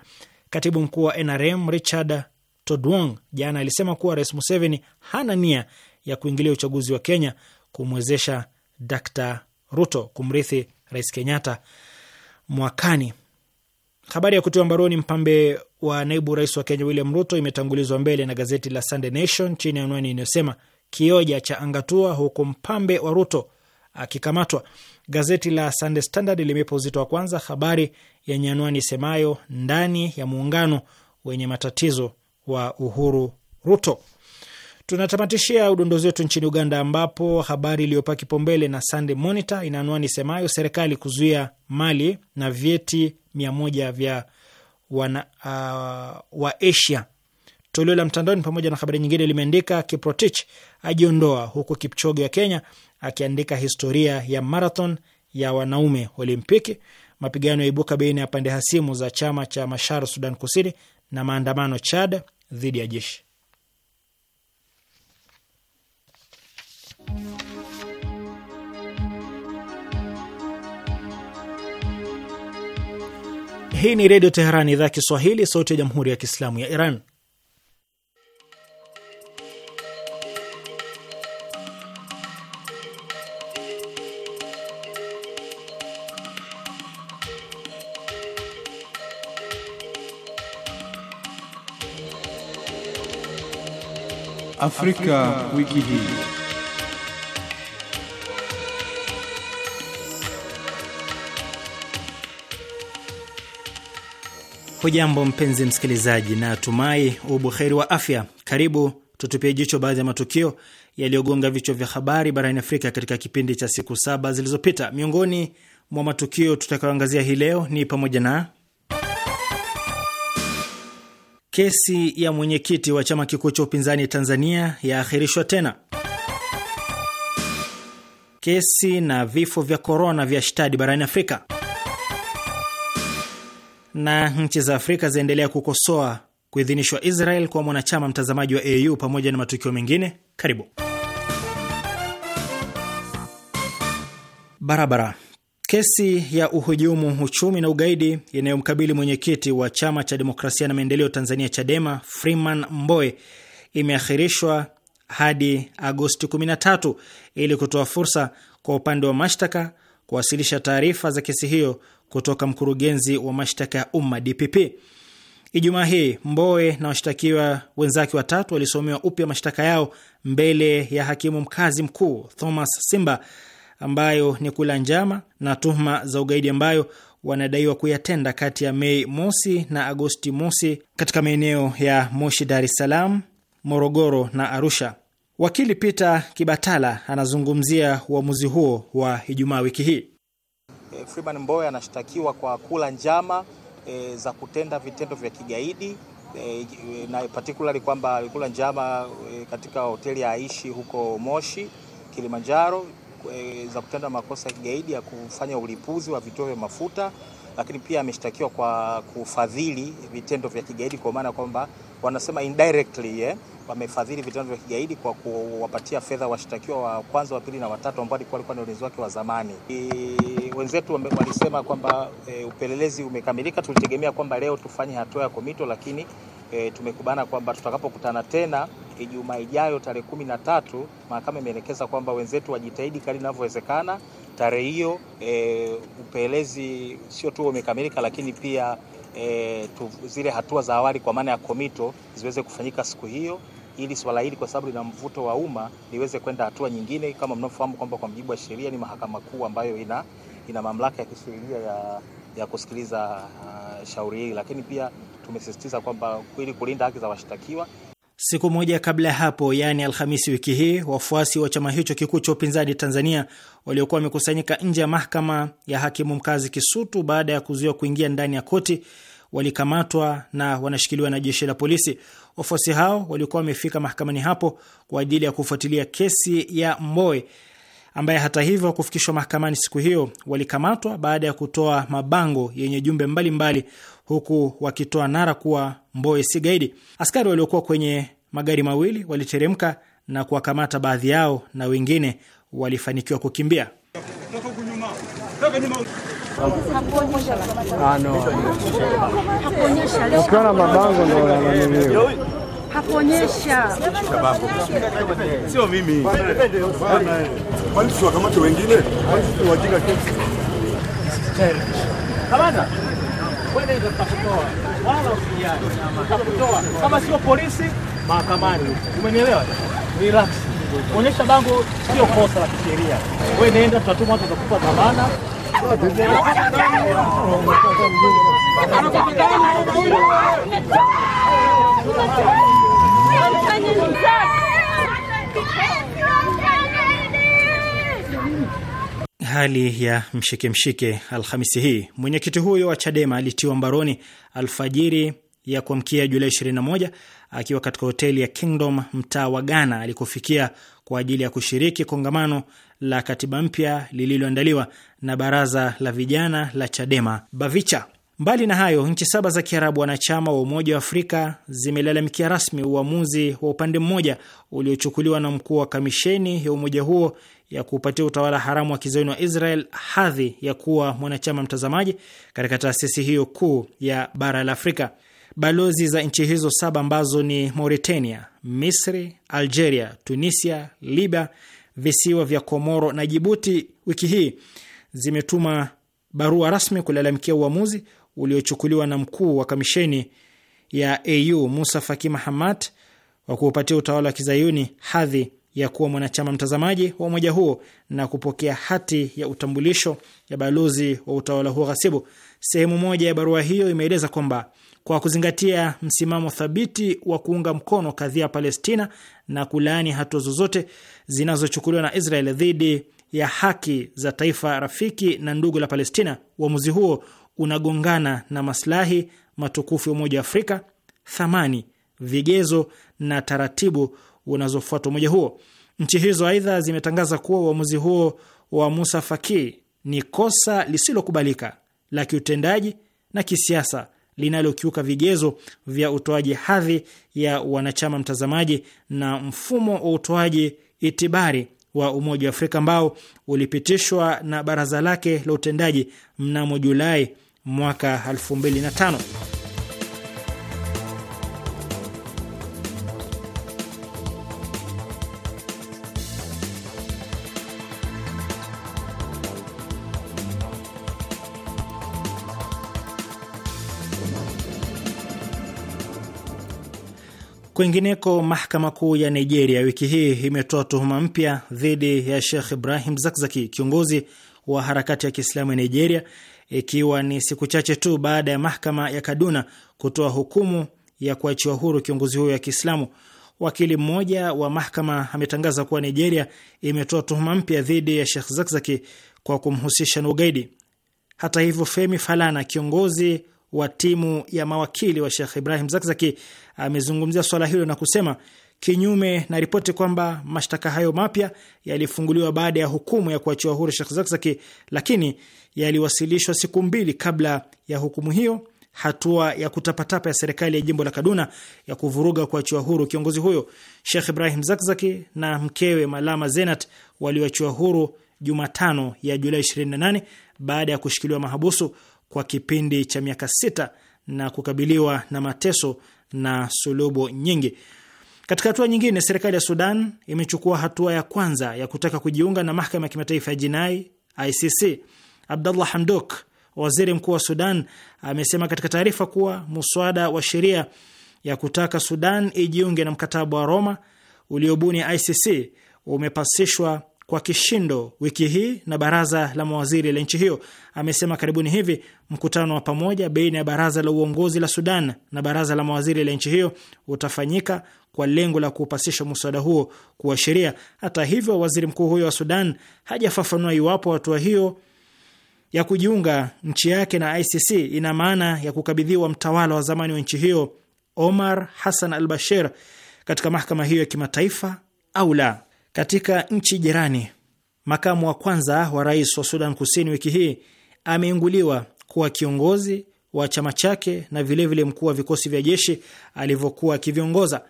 Katibu mkuu wa NRM Richard Todwong jana alisema kuwa Rais Museveni hana nia ya kuingilia uchaguzi wa Kenya kumwezesha Dr Ruto kumrithi Rais Kenyatta mwakani. Habari ya kutiwa mbaroni mpambe wa naibu rais wa Kenya William Ruto imetangulizwa mbele na gazeti la Sunday Nation chini ya anwani inayosema kioja cha angatua huku mpambe wa Ruto akikamatwa. Gazeti la Sunday Standard limepa uzito wa kwanza habari yenye anwani isemayo ndani ya muungano wenye matatizo wa Uhuru Ruto. Tunatamatishia udondozi wetu nchini Uganda, ambapo habari iliyopaa kipaumbele na Sunday Monitor ina anwani isemayo serikali kuzuia mali na vyeti mia moja vya wana, uh, wa Asia. Toleo la mtandaoni pamoja na habari nyingine limeandika Kiprotich ajiondoa huku Kipchoge wa Kenya akiandika historia ya marathon ya wanaume Olimpiki. Mapigano yaibuka baina ya pande hasimu za chama cha Mashar Sudan Kusini na maandamano Chad dhidi ya jeshi. Hii ni Redio Teheran, idhaa ya Kiswahili, sauti ya Jamhuri ya Kiislamu ya Iran.
Afrika, Afrika wiki hii.
Hujambo mpenzi msikilizaji, na tumai ubuheri wa afya. Karibu tutupie jicho baadhi ya matukio yaliyogonga vichwa vya habari barani Afrika katika kipindi cha siku saba zilizopita. Miongoni mwa matukio tutakayoangazia hii leo ni pamoja na kesi ya mwenyekiti wa chama kikuu cha upinzani Tanzania yaahirishwa tena, kesi na vifo vya korona vya shtadi barani Afrika na nchi za Afrika zinaendelea kukosoa kuidhinishwa Israel kwa mwanachama mtazamaji wa AU pamoja na matukio mengine. Karibu barabara. Kesi ya uhujumu uchumi na ugaidi inayomkabili mwenyekiti wa chama cha demokrasia na maendeleo Tanzania, Chadema, Freeman Mbowe imeahirishwa hadi Agosti 13 ili kutoa fursa kwa upande wa mashtaka kuwasilisha taarifa za kesi hiyo kutoka mkurugenzi wa mashtaka ya umma DPP. Ijumaa hii mboe na washtakiwa wenzake watatu walisomewa upya mashtaka yao mbele ya hakimu mkazi mkuu Thomas Simba, ambayo ni kula njama na tuhuma za ugaidi ambayo wanadaiwa kuyatenda kati ya Mei mosi na Agosti mosi katika maeneo ya Moshi, Dar es Salaam, Morogoro na Arusha. Wakili Peter Kibatala anazungumzia uamuzi huo wa Ijumaa wiki hii
e, Freeman Mbowe anashtakiwa kwa kula njama e, za kutenda vitendo vya kigaidi e, na particularly kwamba alikula njama e, katika hoteli ya Aishi huko Moshi Kilimanjaro e, za kutenda makosa ya kigaidi ya kufanya ulipuzi wa vituo vya mafuta lakini pia ameshtakiwa kwa kufadhili vitendo vya kigaidi kwa maana kwamba wanasema indirectly, yeah wamefadhili vitendo vya kigaidi kwa kuwapatia fedha washtakiwa wa kwanza, wa pili na watatu ambao walikuwa walikuwa ni wake wa zamani. Wenzetu walisema kwamba e, upelelezi umekamilika. Tulitegemea kwamba leo tufanye hatua ya komito, lakini e, tumekubana kwamba tutakapokutana tena Ijumaa ijayo tarehe kumi na tatu, mahakama imeelekeza kwamba wenzetu wajitahidi kadri inavyowezekana tarehe hiyo. E, upelelezi sio tu umekamilika, lakini pia e, tu, zile hatua za awali kwa maana ya komito ziweze kufanyika siku hiyo ili swala hili kwa sababu lina mvuto wa umma liweze kwenda hatua nyingine. Kama mnaofahamu kwamba kwa mujibu wa sheria ni mahakama kuu ambayo ina, ina mamlaka ya kisheria ya, ya kusikiliza uh, shauri hili, lakini pia tumesisitiza kwamba ili kulinda haki za washtakiwa.
Siku moja kabla ya hapo, yaani Alhamisi wiki hii, wafuasi wa chama hicho kikuu cha upinzani Tanzania waliokuwa wamekusanyika nje ya mahakama ya hakimu mkazi Kisutu baada ya kuzuiwa kuingia ndani ya koti walikamatwa na wanashikiliwa na jeshi la polisi. Wafuasi hao walikuwa wamefika mahakamani hapo kwa ajili ya kufuatilia kesi ya Mboe ambaye hata hivyo kufikishwa mahakamani siku hiyo. Walikamatwa baada ya kutoa mabango yenye jumbe mbalimbali mbali, huku wakitoa nara kuwa Mboe si gaidi. Askari waliokuwa kwenye magari mawili waliteremka na kuwakamata baadhi yao na wengine walifanikiwa kukimbia
ukiwa na mabango ndio yananiliwa
Sio mimi. Kwani tusiwakamate wengine? Kama sio polisi, mahakamani. Umenielewa? Relax. Kuonyesha bango sio kosa la kisheria. Wewe nenda, tutatuma watu watakupa dhamana.
Hali ya mshike mshike Alhamisi hii, mwenyekiti huyo wa Chadema alitiwa mbaroni alfajiri ya kuamkia Julai 21 akiwa katika hoteli ya Kingdom mtaa wa Ghana alikofikia kwa ajili ya kushiriki kongamano la katiba mpya lililoandaliwa na baraza la vijana la Chadema Bavicha. Mbali na hayo, nchi saba za Kiarabu wanachama wa Umoja wa Afrika zimelalamikia rasmi uamuzi wa upande mmoja uliochukuliwa na mkuu wa kamisheni ya umoja huo ya kuupatia utawala haramu wa kizayuni wa Israel hadhi ya kuwa mwanachama mtazamaji katika taasisi hiyo kuu ya bara la Afrika. Balozi za nchi hizo saba ambazo ni Mauritania, Misri, Algeria, Tunisia, Libya visiwa vya Komoro na Jibuti wiki hii zimetuma barua rasmi kulalamikia uamuzi uliochukuliwa na mkuu wa kamisheni ya AU Musa Faki Mahamat wa kuupatia utawala wa kizayuni hadhi ya kuwa mwanachama mtazamaji wa umoja huo na kupokea hati ya utambulisho ya balozi wa utawala huo ghasibu. Sehemu moja ya barua hiyo imeeleza kwamba kwa kuzingatia msimamo thabiti wa kuunga mkono kadhia ya Palestina na kulaani hatua zozote zinazochukuliwa na Israel dhidi ya haki za taifa rafiki na ndugu la Palestina, uamuzi huo unagongana na maslahi matukufu ya Umoja wa Afrika, thamani, vigezo na taratibu unazofuata umoja huo. Nchi hizo aidha zimetangaza kuwa uamuzi huo wa Musa Faki ni kosa lisilokubalika la kiutendaji na kisiasa linalokiuka vigezo vya utoaji hadhi ya wanachama mtazamaji na mfumo wa utoaji itibari wa Umoja wa Afrika ambao ulipitishwa na baraza lake la utendaji mnamo Julai mwaka 2005. Kwingineko, mahakama kuu ya Nigeria wiki hii imetoa tuhuma mpya dhidi ya Sheikh Ibrahim Zakzaki, kiongozi wa harakati ya Kiislamu ya Nigeria, ikiwa ni siku chache tu baada ya mahakama ya Kaduna kutoa hukumu ya kuachiwa huru kiongozi huyo wa Kiislamu. Wakili mmoja wa mahakama ametangaza kuwa Nigeria imetoa tuhuma mpya dhidi ya Sheikh Zakzaki kwa kumhusisha na ugaidi. Hata hivyo, Femi Falana, kiongozi wa timu ya mawakili wa shekh Ibrahim Zakzaki amezungumzia swala hilo na kusema kinyume na ripoti kwamba mashtaka hayo mapya yalifunguliwa baada ya hukumu ya kuachiwa huru Shekh Zakzaki, lakini yaliwasilishwa siku mbili kabla ya hukumu hiyo, hatua ya kutapatapa ya serikali ya jimbo la Kaduna ya kuvuruga kuachiwa huru kiongozi huyo. Shekh Ibrahim Zakzaki na mkewe Malama Zenat walioachiwa huru Jumatano ya Julai 28 baada ya kushikiliwa mahabusu kwa kipindi cha miaka sita na kukabiliwa na mateso na sulubu nyingi. Katika hatua nyingine, serikali ya Sudan imechukua hatua ya kwanza ya kutaka kujiunga na mahakama ya kimataifa ya jinai ICC. Abdallah Hamdok, waziri mkuu wa Sudan, amesema katika taarifa kuwa muswada wa sheria ya kutaka Sudan ijiunge na mkataba wa Roma uliobuni ICC umepasishwa kwa kishindo wiki hii na baraza la mawaziri la nchi hiyo. Amesema karibuni hivi mkutano wa pamoja baina ya baraza la uongozi la Sudan na baraza la mawaziri la nchi hiyo utafanyika kwa lengo la kuupasisha muswada huo kuwa sheria. Hata hivyo, waziri mkuu huyo wa Sudan hajafafanua iwapo hatua hiyo ya kujiunga nchi yake na ICC ina maana ya kukabidhiwa mtawala wa zamani wa nchi hiyo Omar Hassan al-Bashir katika mahakama hiyo ya kimataifa au la. Katika nchi jirani, makamu wa kwanza wa rais wa Sudan Kusini wiki hii ameinguliwa kuwa kiongozi wa chama chake na vilevile mkuu wa vikosi vya jeshi alivyokuwa akiviongoza.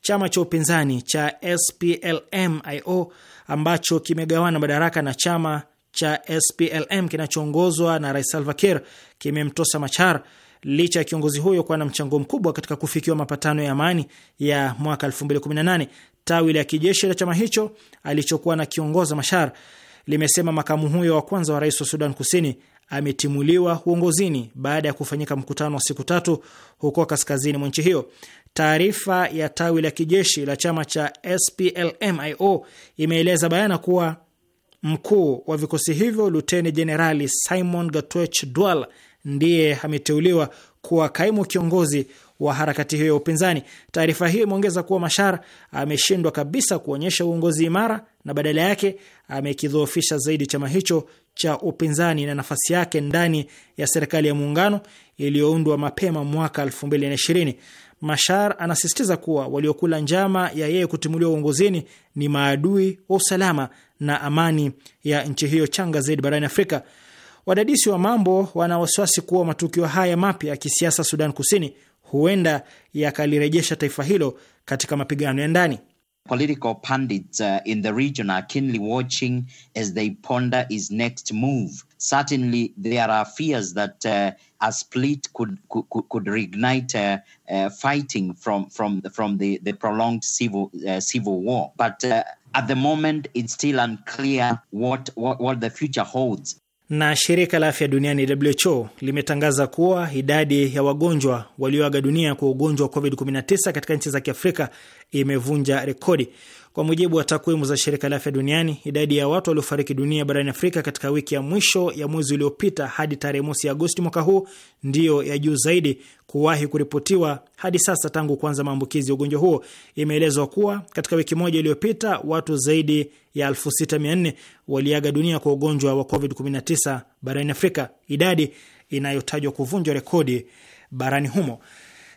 Chama cha upinzani cha SPLMIO ambacho kimegawana madaraka na chama cha SPLM kinachoongozwa na Rais Salva Kiir kimemtosa Machar licha ya kiongozi huyo kuwa na mchango mkubwa katika kufikiwa mapatano ya amani ya mwaka 2018. Tawi la kijeshi la chama hicho alichokuwa na kiongoza Mashar limesema makamu huyo wa kwanza wa rais wa Sudan Kusini ametimuliwa uongozini baada ya kufanyika mkutano wa siku tatu huko kaskazini mwa nchi hiyo. Taarifa ya tawi la kijeshi la chama cha SPLMIO imeeleza bayana kuwa mkuu wa vikosi hivyo Luteni Jenerali Simon Gatwech Dwal ndiye ameteuliwa kuwa kaimu kiongozi wa harakati hiyo ya upinzani. Taarifa hiyo imeongeza kuwa Mashar ameshindwa kabisa kuonyesha uongozi imara na badala yake amekidhoofisha zaidi chama hicho cha upinzani na nafasi yake ndani ya serikali ya muungano iliyoundwa mapema mwaka 2020. Mashar anasisitiza kuwa waliokula njama ya yeye kutimuliwa uongozini ni maadui wa usalama na amani ya nchi hiyo changa zaidi barani Afrika. Wadadisi wa mambo wana wasiwasi kuwa matukio haya mapya ya kisiasa Sudan Kusini huenda yakalirejesha taifa hilo katika mapigano ya ndani.
Political pundits uh, in the region are
keenly watching as they ponder his next move. Certainly there are fears that uh, a split could, could, could reignite uh, uh, fighting from, from, from the, the prolonged civil, uh, civil war. But uh, at the moment it's still unclear what, what, what the future holds na shirika la afya duniani WHO limetangaza kuwa idadi ya wagonjwa walioaga dunia kwa ugonjwa wa COVID-19 katika nchi za Kiafrika imevunja rekodi. Kwa mujibu wa takwimu za shirika la afya duniani, idadi ya watu waliofariki dunia barani Afrika katika wiki ya mwisho ya mwezi uliopita hadi tarehe mosi Agosti mwaka huu ndiyo ya juu zaidi kuwahi kuripotiwa hadi sasa tangu kuanza maambukizi ya ugonjwa huo. Imeelezwa kuwa katika wiki moja iliyopita watu zaidi ya 6400 waliaga dunia kwa ugonjwa wa COVID-19 barani Afrika, idadi inayotajwa kuvunjwa rekodi barani humo.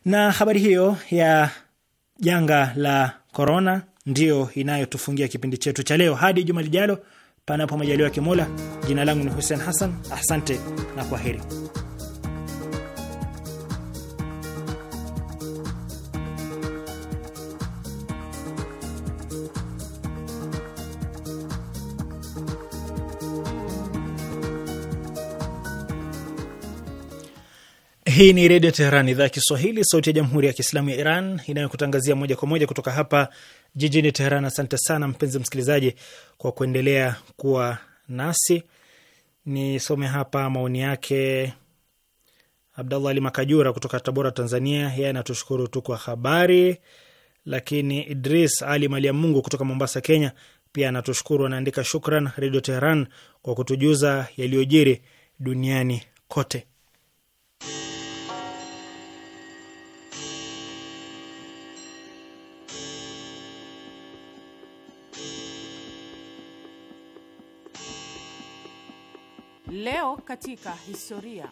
Na habari hiyo ya janga la korona ndiyo inayotufungia kipindi chetu cha leo. Hadi juma lijalo, panapo majaliwa Kimola. Jina langu ni Hussein Hassan, asante na kwaheri. Hii ni Redio Teheran, idhaa ya Kiswahili, sauti ya Jamhuri ya Kiislamu ya Iran inayokutangazia moja kwa moja kutoka hapa jijini Teheran. Asante sana mpenzi msikilizaji kwa kuendelea kuwa nasi. Nisome hapa maoni yake. Abdallah Ali Makajura kutoka Tabora, Tanzania, yeye anatushukuru tu kwa habari. Lakini Idris Ali Malia Mungu kutoka Mombasa, Kenya, pia anatushukuru, anaandika shukran Redio Teheran kwa kutujuza yaliyojiri duniani kote.
Leo katika historia.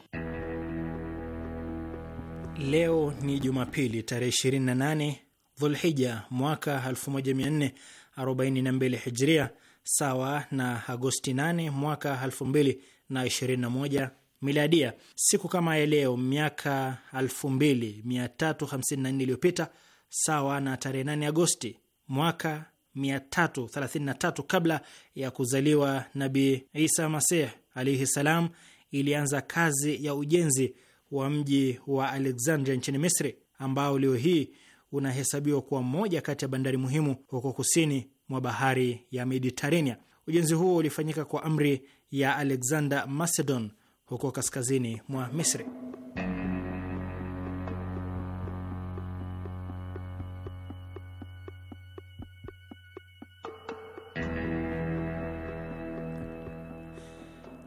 Leo ni Jumapili tarehe 28 Dhulhija mwaka 1442 Hijria, sawa na Agosti 8 mwaka 2021 Miladia. Siku kama ya leo miaka 2354 iliyopita, sawa na tarehe 8 Agosti mwaka 333 kabla ya kuzaliwa Nabi Isa Masih alaihi salam ilianza kazi ya ujenzi wa mji wa Alexandria nchini Misri, ambao leo hii unahesabiwa kuwa mmoja kati ya bandari muhimu huko kusini mwa bahari ya Mediterania. Ujenzi huo ulifanyika kwa amri ya Alexander Macedon huko kaskazini mwa Misri.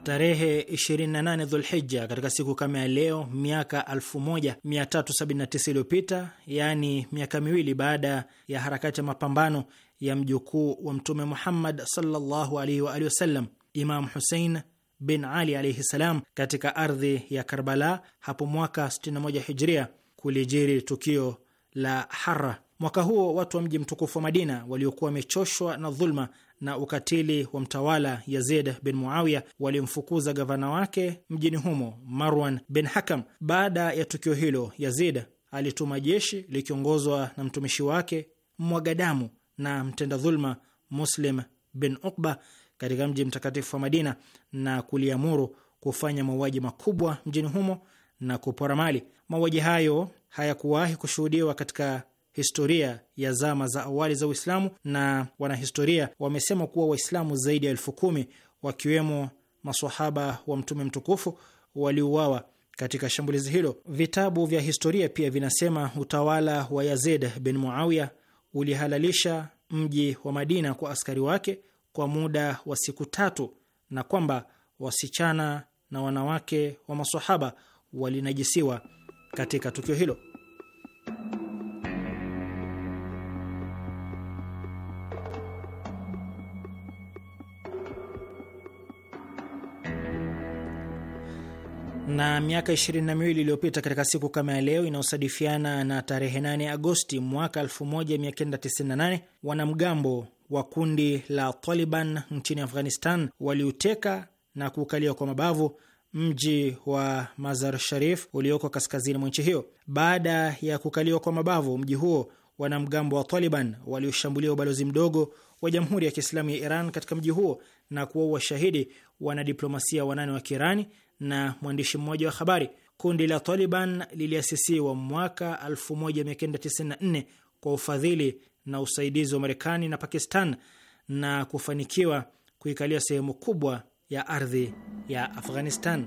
Tarehe 28 Dhulhija, katika siku kama ya leo miaka 1379 iliyopita, yaani miaka miwili baada ya harakati ya mapambano ya mjukuu wa Mtume Muhammad sallallahu alaihi wa alihi wasallam, Imam Husein bin Ali alaihi salam, katika ardhi ya Karbala hapo mwaka 61 Hijria, kulijiri tukio la Hara. Mwaka huo watu wa mji mtukufu wa Madina waliokuwa wamechoshwa na dhulma na ukatili wa mtawala Yazid bin Muawiya walimfukuza gavana wake mjini humo Marwan bin Hakam. Baada ya tukio hilo, Yazid alituma jeshi likiongozwa na mtumishi wake mwagadamu na mtenda dhulma Muslim bin Ukba katika mji mtakatifu wa Madina na kuliamuru kufanya mauaji makubwa mjini humo na kupora mali. Mauaji hayo hayakuwahi kushuhudiwa katika historia ya zama za awali za Uislamu, na wanahistoria wamesema kuwa Waislamu zaidi ya elfu kumi wakiwemo masahaba wa Mtume mtukufu waliuawa katika shambulizi hilo. Vitabu vya historia pia vinasema utawala wa Yazid bin Muawiya ulihalalisha mji wa Madina kwa askari wake kwa muda wa siku tatu, na kwamba wasichana na wanawake wa masahaba walinajisiwa katika tukio hilo. na miaka miwili iliyopita katika siku kama ya leo inayosadifiana na tarehe 8 Agosti mwaka 1998 wanamgambo wa kundi la Taliban nchini Afghanistan waliuteka na kuukalia kwa mabavu mji wa Mazar Sharif ulioko kaskazini mwa nchi hiyo. Baada ya kukaliwa kwa mabavu mji huo, wanamgambo wa Taliban walioshambulia ubalozi mdogo wa Jamhuri ya Kiislamu ya Iran katika mji huo na kuwaua shahidi wanadiplomasia wanane wa Kiirani na mwandishi mmoja wa habari. Kundi la Taliban liliasisiwa mwaka 1994 kwa ufadhili na usaidizi wa Marekani na Pakistan na kufanikiwa kuikalia sehemu kubwa ya ardhi ya Afghanistan.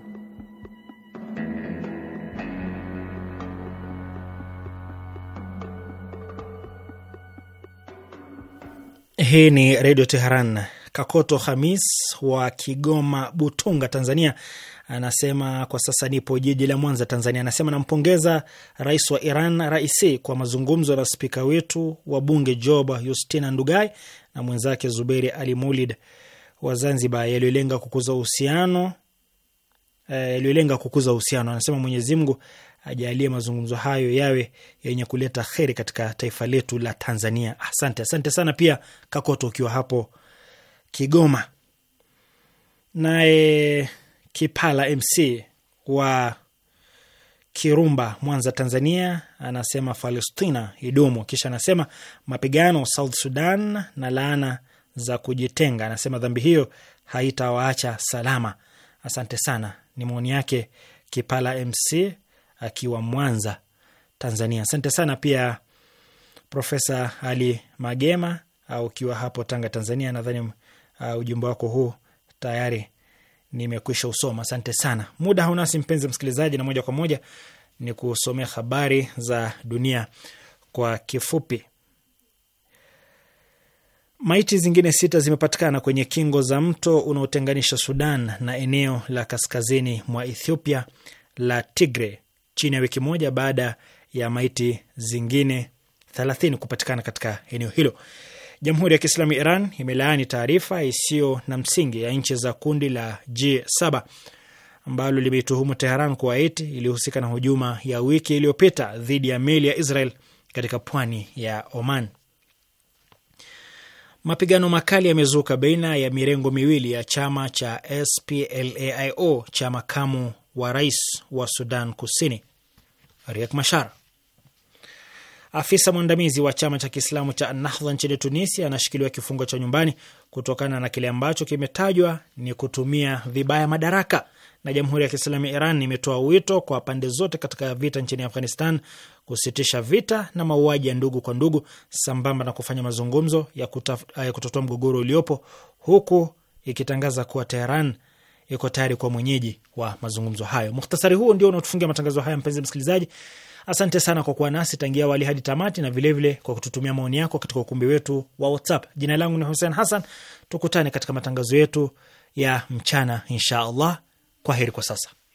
Hii ni Redio Teheran. Kakoto Hamis wa Kigoma, Butunga, Tanzania anasema kwa sasa nipo jiji la Mwanza, Tanzania. Anasema nampongeza rais wa Iran Raisi kwa mazungumzo na spika wetu wa bunge Job Yustina Ndugai na mwenzake Zuberi Ali Mulid wa Zanzibar yaliyolenga kukuza uhusiano eh, yaliyolenga kukuza uhusiano. Anasema Mwenyezi Mungu ajalie mazungumzo hayo yawe yenye kuleta kheri katika taifa letu la Tanzania. Asante, asante sana pia Kakoto ukiwa hapo Kigoma. Naye Kipala MC wa Kirumba, Mwanza, Tanzania, anasema falestina idumu. Kisha anasema mapigano South Sudan na laana za kujitenga, anasema dhambi hiyo haitawaacha salama. Asante sana, ni maoni yake Kipala MC akiwa Mwanza, Tanzania. Asante sana pia Profesa Ali Magema ukiwa hapo Tanga, Tanzania. Nadhani uh, ujumbe wako huu tayari nimekwisha usoma. Asante sana. Muda haunasi mpenzi msikilizaji, na moja kwa moja ni kusomea habari za dunia kwa kifupi. Maiti zingine sita zimepatikana kwenye kingo za mto unaotenganisha Sudan na eneo la kaskazini mwa Ethiopia la Tigre, chini ya wiki moja baada ya maiti zingine thelathini kupatikana katika eneo hilo. Jamhuri ya Kiislamu ya Iran imelaani taarifa isiyo na msingi ya nchi za kundi la G7 ambalo limeituhumu Teheran kuwa eti ilihusika na hujuma ya wiki iliyopita dhidi ya meli ya Israel katika pwani ya Oman. Mapigano makali yamezuka baina ya mirengo miwili ya chama cha SPLAIO cha makamu wa rais wa Sudan Kusini Riek Mashar. Afisa mwandamizi wa chama cha Kiislamu cha Nahdha nchini Tunisia anashikiliwa kifungo cha nyumbani kutokana na kile ambacho kimetajwa ni kutumia vibaya madaraka. Na Jamhuri ya Kiislamu ya Iran imetoa wito kwa pande zote katika vita nchini Afghanistan kusitisha vita na mauaji ya ndugu kwa ndugu, sambamba na kufanya mazungumzo ya, ya kutotoa mgogoro uliopo, huku ikitangaza kuwa Teheran iko tayari kwa mwenyeji wa mazungumzo hayo. Muhtasari huu ndio unaotufungia matangazo haya, mpenzi msikilizaji. Asante sana kwa kuwa nasi tangia awali hadi tamati, na vilevile vile kwa kututumia maoni yako katika ukumbi wetu wa WhatsApp. Jina langu ni Hussein Hassan, tukutane katika matangazo yetu ya mchana insha allah. Kwa heri kwa sasa.